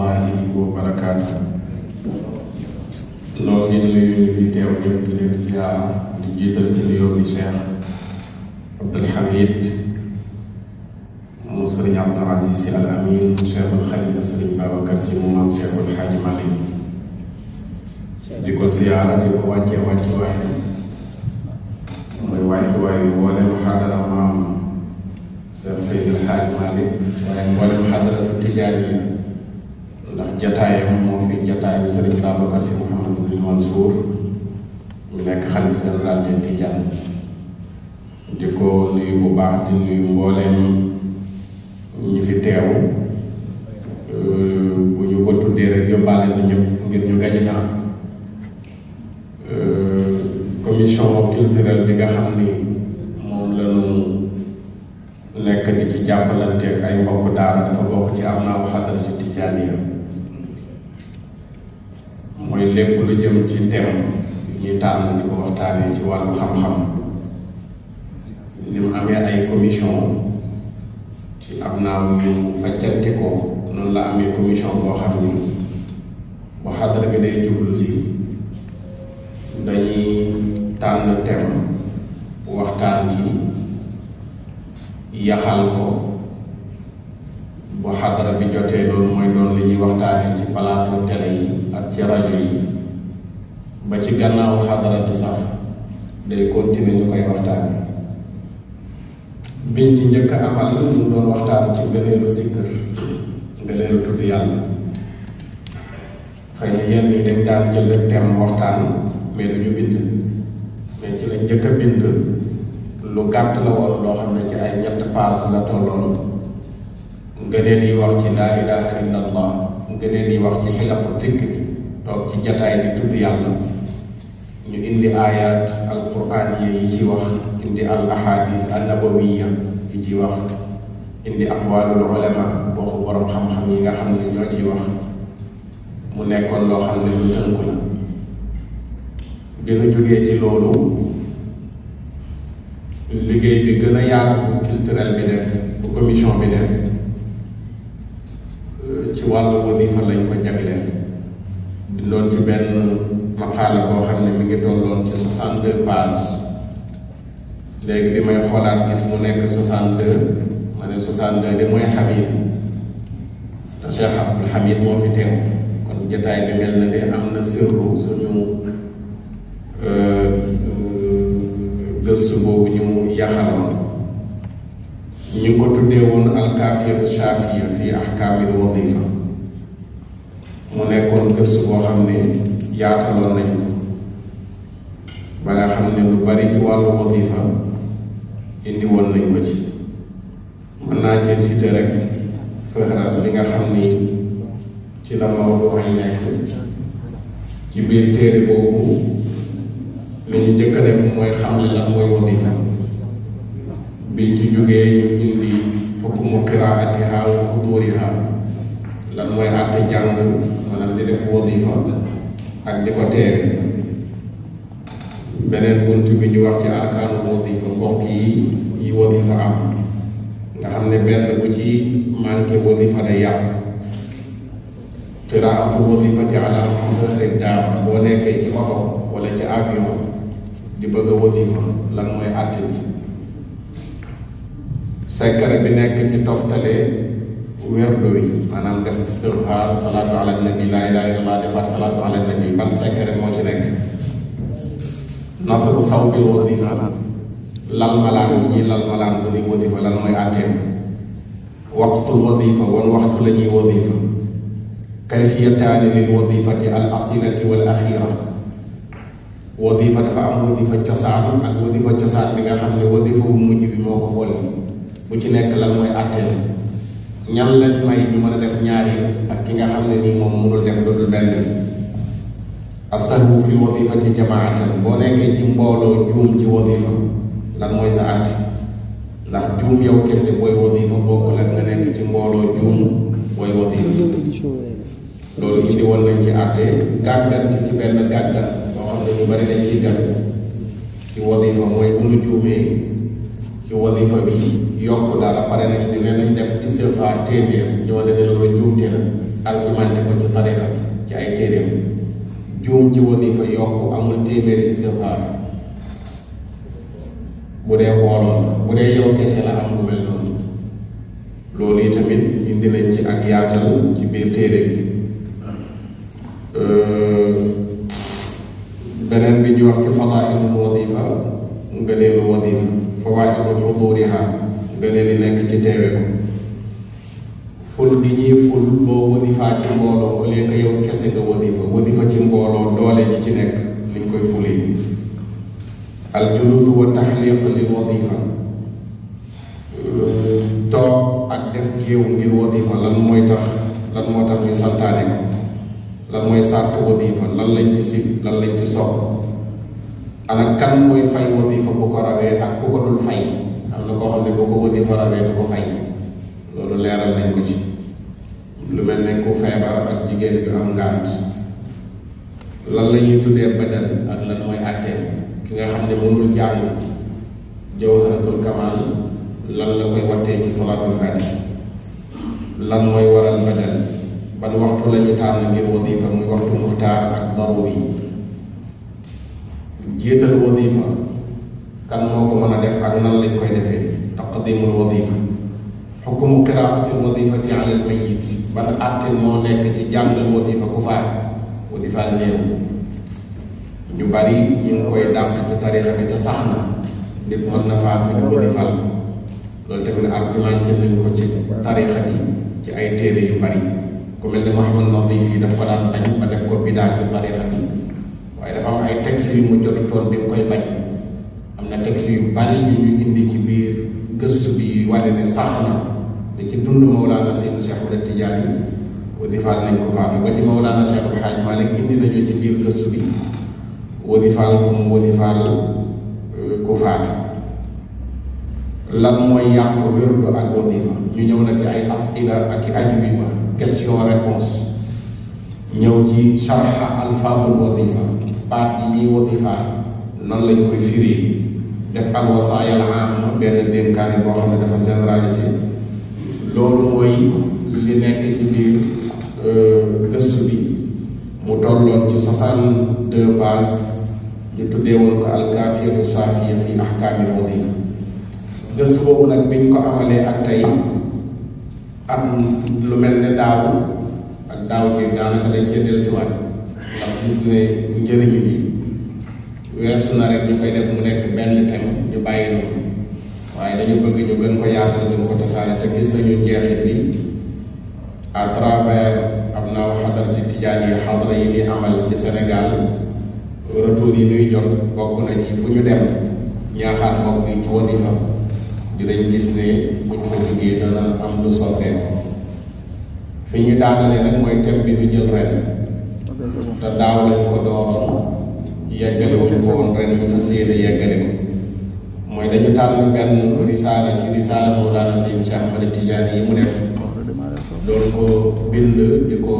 rahmatullahi wa barakaatu noo ngi nuyu fi teew ñëpp di leen ziyaara di jiital ci nuyoo bi Cheikh Abdul Hamid mu sëriñ Abdul Aziz si al Amin Cheikh al Khalifa sëriñ Babacar si mu maam Cheikh al Xaaji Malik di ko ziyaara di ko wàccee wàcce waaye mooy wàcce waaye mboolem xadara maam Cheikh Seydil Xaaji Malik waaye mboolem xadara tijaani jataayam moo fi jataayu sëriñ Babacar Sy Mouhamadou Mansour mu nekk xalifa général des Tidianes di ko nuyu bu baax di nuyu mbooleem ñu fi teew euh, bu ñu ko tuddee rek yóbbaale na ñëpp ngir ñu gañe temps euh, commission culturelle bi xam ni waxtaanee ci wàllu xam-xam ni mu amee ay commission ci am naa mu faccante ko noonu la amee commission boo xam ni bu xadara bi day jublu si dañuy tànn thème waxtaan ci yaxal ko bu xadara bi jotee loolu mooy doon li ñuy waxtaanee ci palaatu télé yi ak ci rajo yi ba ci gannaaw xadara bi sax day continuer ñu koy waxtaane biñ ci amal ñu doon waxtaan ci ngëneelu sikkër ngëneelu tudd yàlla xëy na yenn yi dañ daan jël rek waxtaan mais dañu bind mais ci lañ njëkk a bind lu gàtt la woon loo xam ne ci ay ñett paas la tolloon ngëneel yi wax ci ilaha illa allah yi wax ci dikk toog ci jataay bi tudd yàlla ñu indi ayat alquran yi ci wax indi al ahadis annabawiya yi ci wax indi aqwalul ulama boo borom xam-xam yi nga xam ne ñoo ciy wax mu nekkoon loo xam ne lu tënku la bi nu jógee ci loolu liggéey bi gën a yaatu bu culturel bi def bu commission bi def ci wàllu wadifa lañ ko jagleel bindoon ci benn maqaala boo xam ne mi ngi tolloon ci 62 pages léegi bi may xoolaat gis mu nekk 62 ma ne 62 de mooy Hamid te Cheikh Abdul Hamid moo fi teew kon jotaay bi mel na ne am na sirru suñu euh, euh, gëstu boobu ñu yaxaloon ñu ngi ko tuddee woon alkaafiyatu shaafiya fi ahkaamil wadifa mu nekkoon gëstu boo ne. yaataloon nañ ba nga xam ne lu bari ci wàllu indi woon nañ ko ci mën naa cee cité rek fëxras bi nga xam ni ci la Maodo ay nekk ci biir téere boobu li ñu njëkk a def mooy xam ne lan mooy wasifa biñ ci jógee ñu indi hukmu qiraatiha wa xuduriha lan mooy àtte jàng maanaam di def wasifa ak ñi ko teewe beneen bunt bi ñu wax ci arkaanu wasifa mbokk yi yi wasifa am nga xam ne benn bu ci manqué wasifa day yàq qiraatu wasifati ala xasari daaba boo nekkee ci oto wala ci avion di bëgg wasifa lan mooy àtt bi secret bi nekk ci toftale ويردوي maanaam def istixfaar salaatu ala nabi laa ilaaha illallah defaat salaatu ala nabi ban secret moo ci nekk nasru saw bi woo di lal malaan bu ñuy lal malaan bu ñuy wadifa lan mooy àtteem waqtul wadifa wan waxtu la ñuy wadifa kayfiyataani lil wadifati al asilati wal axira wadifa dafa am wadifa cosaanu ak wadifa cosaan bi nga xam ne wadifa bu mujj bi moo ko xool bu ci nekk lan mooy àtteem ñan lañ may ñu mën a def ñaari ak ki nga xam ne nii moom mënul def lu dul benn asahwu fi wadifati jamaatan boo nekkee ci mbooloo juum ci wadifa lan mooy sa àtt ndax juum yow kese booy wadifa bokkul ak nga nekk ci mbooloo juum booy wadifa loolu indi woon nañ ci àtte gàggal ci ci benn gàggal boo xam ne ñu bari dañ ciy gàgg ci wadifa mooy bu ñu juumee ci wadifa bi yokk daal pare nañ ne nañ def istigfaar téeméer ñu wane ne loolu njuumte la argumenté ko ci tariqa ci ay téeréem juum ci wasifa yokk amul téeméeri istigfaar bu dee wooloon la bu dee yow kese la am lu mel noonu loolu yi tamit indi nañ ci ak yaatal ci biir téere bi beneen bi ñu wax ci fadaailu wasifa nga neenu wasifa fawaatibul xuduuriha beneen yi nekk ci teewe ko ful gi ñuy ful boo wadifaa ci mbooloo au lieu yow kese nga wadifa wadifa ci mbooloo doole ñi ci nekk liñ koy fulee al julus wa taxliq lil wadifa toog ak def géew ngir wadifa lan mooy tax lan moo tax ñu ko lan mooy sàrt wadifa lan lañ ci sib lan lañ ci sopp ana kan mooy fay wadifa bu ko rawee ak ku ko dul fay na lu mel ne lan la ñuy tuddee badal ak lan mooy àtteem koy wattee ci salaatul fatih lan mooy waral badal ban waxtu la ñu tànn ngir wadifa muy waxtu muxtaar ak daruuri jiital wadifa kan moo ko mën a def ak nan lañ koy defee taqdimul wadifa xukmu qiraatil wadifati ala al mayit ban àtte moo nekk ci jàngal ñu bari ñu ngi koy dàq ci tarixa bi te sax na nit mën na faat ñu wadifa loolu tamit argumenté waaye dafa am ay textes yu mu jotutoon di nga koy bañ na texte yu bari ñu ñu indi ci biir gëstu bi wane ne sax na da ci dund Mawlana Seydi Cheikh Ahmed Tidiane wadifaal nañ ko faatu ba ci Mawlana Cheikh Al Hadj Malick indi nañu ci biir gëstu bi wadifaal ko mu wadifaal euh, ko faatu lan mooy yàq wérdu ak wadifa ñu ñëw nag ci ay ak i aju bi ma question réponse ñëw ci sharha alfaadul wadifa baat yi ñuy wadifa nan lañ koy def al wasaaya al aama benn dénkaane boo xam ne dafa généralisé loolu mooy li nekk ci biir gëstu bi mu tolloon ci soixante deux pages ñu tuddee woon ko alkaafiyatu saafiya fi ahkaami wadifa gëstu boobu nag biñ ko amalee ak tey am lu mel ne daaw ak daaw bi daanaka dañ cee dellusiwaat ndax gis ne njëriñ bi weesu na rek mu nekk benn thème ñu bàyyi noonu waaye dañu bëgg ñu gën ko yaatal gën ko tasaare te gis nañu njeexit bi à travers am na xadar ci tijaan yi xadara yi ñuy amal ci Sénégal retour yi ñuy jot bokk na ci fu ñu dem ñaaxaat bokk yi ci wadifa dinañ gis ne buñ fa jógee dana am lu sottee fi ñu daanale nag mooy thème bi ñu jël ren te daaw lañ ko dooroon yeggale wuñ ko woon ren ñu fas mooy dañu tànn benn risaala ci risaala boo daana sëñ Cheikh Ahmad Tidiane yi mu def doon ko bind di ko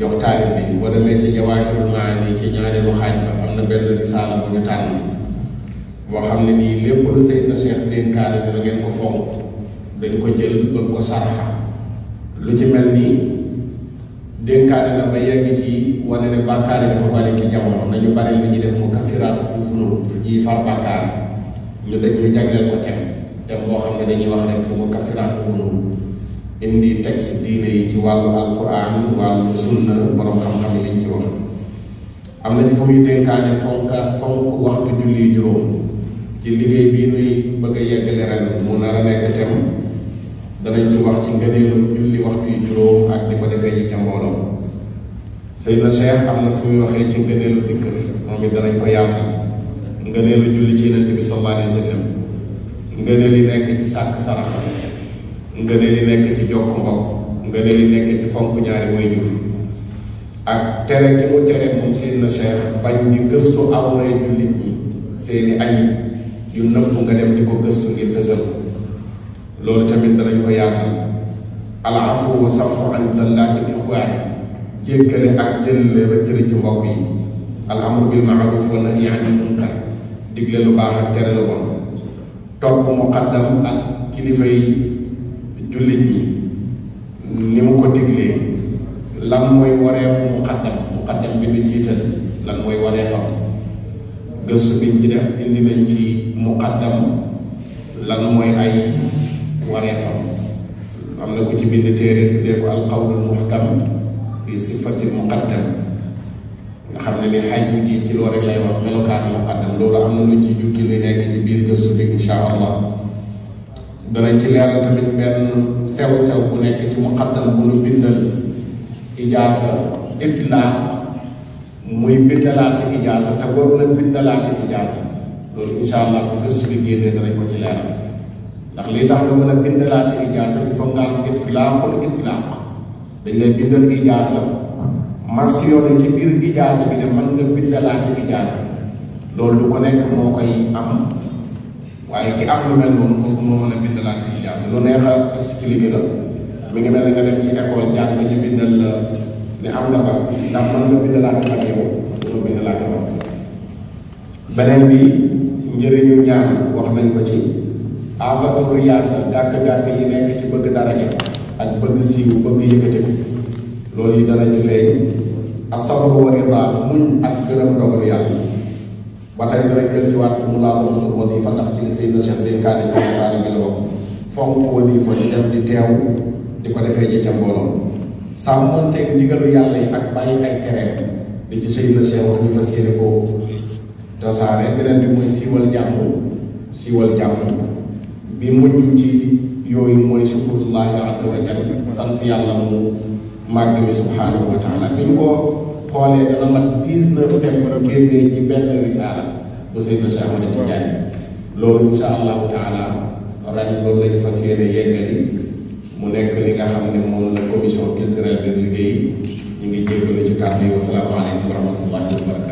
jox taalib bi boo demee ci Jawaahirul Maani ci ñaareelu xaaj ba am na benn risaala bu ñu tànn boo xam ne nii lépp lu Seydina Cheikh dénkaane bi da ngeen ko fonk dañ ko jël bëgg ko saraxa lu ci mel nii dénkaane la ba yegg ci wane ne bàkkaar na dafa bari ci jamono nañu bari lu ñuy def mu kafiraatu zunub ñuy far bàkkaar ñu dañ ñu jagleel ko tem tem boo xam ne dañuy wax rek fu mu kafiraatu zunub indi texte diine yi ci wàllu alquran wàllu sunna borom xam-xam yi liñ ci wax am na ci fu muy dénkaane fonk fonk waxtu julli juróom ci liggéey bii nuy bëgg a yeggale ren mu nar a tem danañ ci wax ci ngëneelu julli waxtu yi juróom ak di ko defee ci ca mbooloo Seydina am na fu muy waxee ci ngëneelu zikr moom it danañ ko yaatal ngëneelu julli ci yonent bi sallallahu alayhi wa sallam ngëneel yi nekk ci sàkk sarax ngëneel yi nekk ci jokk mbokk ngëneel yi nekk ci fonk ñaari way jur ak tere gi mu tere moom Seydina Cheikh bañ di gëstu awray jullit ñi seeni ayib yu nëpp nga dem di ko gëstu ngir fësal loolu tamit danañ ko yaatal al afu wa safu an dallaati ixwaan jéggale ak jëlle rëccëri ci mbokk yi al amru bil maaruf wa nahyi anil munkar digle lu baax ak tere lu bon topp muqaddam ak kilifay jullit ñi ni mu ko diglee lan mooy wareefu muqaddam muqaddam bi ñu jiital lan mooy wareefam gëstu biñ ci def indi nañ ci muqaddam lan mooy ay wareefam am na ku ci bind téere tuddee ko alqawlul muhkam fi sifatil muqaddam nga xam ne li xaaj bu jiit ci loolu rek lay wax melokaan muqaddam loolu am na lu ci jukki lu nekk ci biir gëstu bi insha allah danañ ci leeral tamit benn sew sew bu nekk ci muqaddam bu nu bindal ijaasa itlaaq muy bindalaate ijaasa te waru na bindalaate ijaasa loolu insha allah bu gëstu bi génnee danañ ko ci leeral ndax lii tax nga mën a bindalaate ijaasa il faut nga am itlaaqul itlaaq dañ lay bindal ijaasa mentionné ci biir ijaasa bi ne mën nga bindalaate ijaasa loolu du ko nekk moo koy am waaye ci am lu mel noonu kooku moo mën a bindalaate ijaasa lu neex a expliqué la mi ngi mel ne nga dem ci école jàng ñu bindal la ne am nga ba ndax mën nga bindalaate ak yow doo bindalaate ba beneen bi njëriñu ñaan wax nañ ko ci Ava bëgg yaasa gak gàkk yi nekk ci bëgg daraja ak bëgg siiw bëgg yëkkatiku loolu yi dana ci feeñ asabru wa rida muñ ak gërëm dogal yàlla ba tey dana jël si waat mu laa doon tur wati fa ndax ci li Seydina Cheikh dénkaane ko saani bi la bokk fonk wati fa di dem di di ko defee ji ca mbooloo sàmmonteeg ndigalu yàlla ak bàyyi ay tereem li ci Seydina Cheikh wax ñu fas ko bi bi mujj ci yooyu mooy sukurullahi azza wa jalla sant yàlla mu màgg mi subhaanahu wa taala bi ñu ko xoolee dana mat dix-neuf thèmes bu génnee ci benn risaala bu Seydina Cheikh Ahmad Tidiane loolu insha allahu taala ren loolu lañu fas yéene yeggali mu nekk li nga xam ne moom la commission culturelle de liggéey ñu ngi jéggalu ci kàddu yi wassalaamu aleykum wa rahmatullahi wa